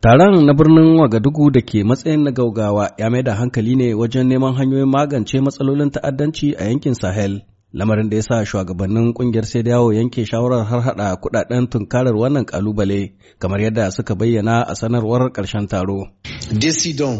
Taron na birnin Wagadugu da ke matsayin na gaugawa ya mai da hankali ne wajen neman hanyoyin magance matsalolin ta'addanci a yankin Sahel. Lamarin da ya sa shugabannin kungiyar sai da yawo yanke shawarar har hada kudaden tunkarar wannan kalubale kamar yadda suka bayyana a sanarwar karshen taro. Decidons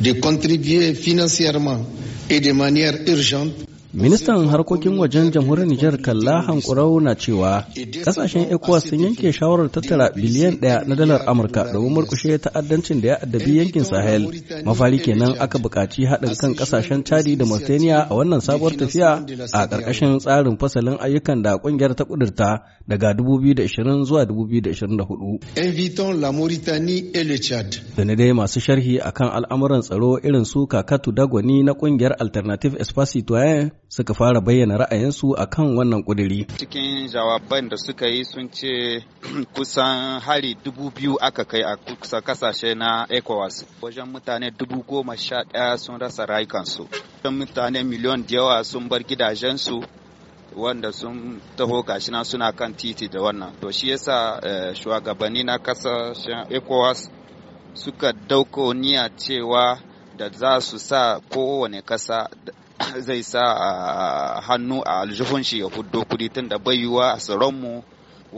de contribuer financièrement et de manière urgente Ministan harkokin wajen jamhuriyar Nijar Kalla Hankurau na cewa kasashen ECOWAS sun yanke shawarar tattara biliyan ɗaya na dalar Amurka domin murkushe ta'addancin da ya addabi yankin Sahel. Mafari kenan aka buƙaci haɗin kan kasashen Chadi da Mauritania a wannan sabuwar tafiya a ƙarƙashin tsarin fasalin ayyukan da ƙungiyar ta ƙudurta daga 2020 zuwa 2024. la Mauritanie et le Chad. Da ne dai masu sharhi akan al'amuran tsaro irin su Kakatu Dagwani na ƙungiyar Alternative Espace Citoyen suka fara bayyana ra'ayinsu a kan wannan kuduri Cikin jawaban da suka yi sun ce kusan hari dubu biyu aka kai a kusa kasashe na ECOWAS. Wajen mutane dubu goma sha ɗaya sun rasa rayukansu. Mutane miliyon da yawa sun bar gidajensu wanda sun taho gashi na suna kan titi da wannan. To shi yasa eh, shugabanni na kasashen ECOWAS suka dauko niyya cewa da za su sa kowane kasa zai sa ah, hannu a aljihun shi ya fuddo kudi tun da bai a tsaronmu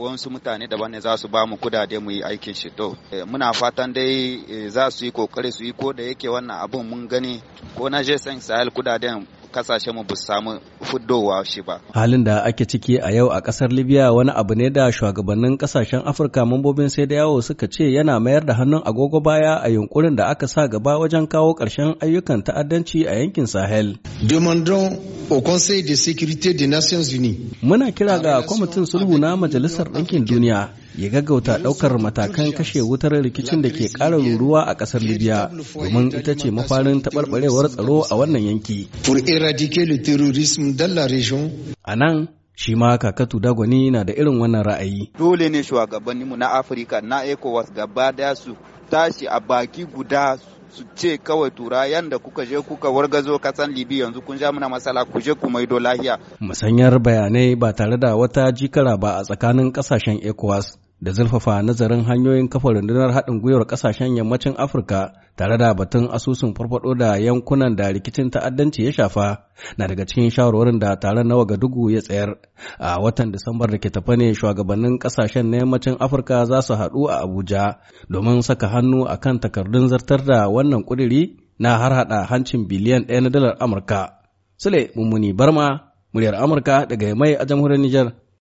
wasu mutane daban ne za su ba mu kudade mu yi aikin shi to eh, muna fatan dai eh, za su yi kokari su yi ko da yake wannan abin mun gani ko na je san sahel kudaden kasashen mu samu fuddowa shi ba. Halin da ake ciki a yau a kasar Libya wani abu ne da shugabannin kasashen Afirka mambobin sai da yawo suka ce yana mayar da hannun agogo baya a yunkurin da aka sa gaba wajen kawo ƙarshen ayyukan ta'addanci a yankin Sahel. demandons au Conseil de sécurité des Nations Unies. Muna kira ga kwamitin sulhu na Majalisar Ɗinkin Duniya ya gaggauta ɗaukar matakan kashe wutar rikicin da ke ƙara ruruwa a ƙasar Libya domin ita ce mafarin taɓarɓarewar tsaro a wannan yanki. Pour éradiquer le terrorisme dans la région. A nan, shi ma kakatu dagwani na da irin wannan ra'ayi. Dole ne shugabanninmu na Afirka na ECOWAS gaba daya su tashi a baki guda su ce kawai tura yanda kuka je kuka wargazo kasan libi yanzu kun ja muna matsala ku je ku maido lahiya. Musanyar bayanai ba tare da wata jikara ba a tsakanin kasashen ECOWAS da zurfafa nazarin hanyoyin kafa rundunar haɗin gwiwar ƙasashen yammacin afirka tare da batun asusun farfaɗo da yankunan da rikicin ta'addanci ya shafa na daga cikin shawarwarin da taron ga wagadugu ya tsayar a watan disambar da ke tafa ne shugabannin ƙasashen na yammacin afirka za su haɗu a abuja domin saka hannu a kan takardun zartar da wannan ƙudiri na har haɗa hancin biliyan ɗaya na dalar amurka sule mummuni barma muryar amurka daga mai a jamhuriyar nijar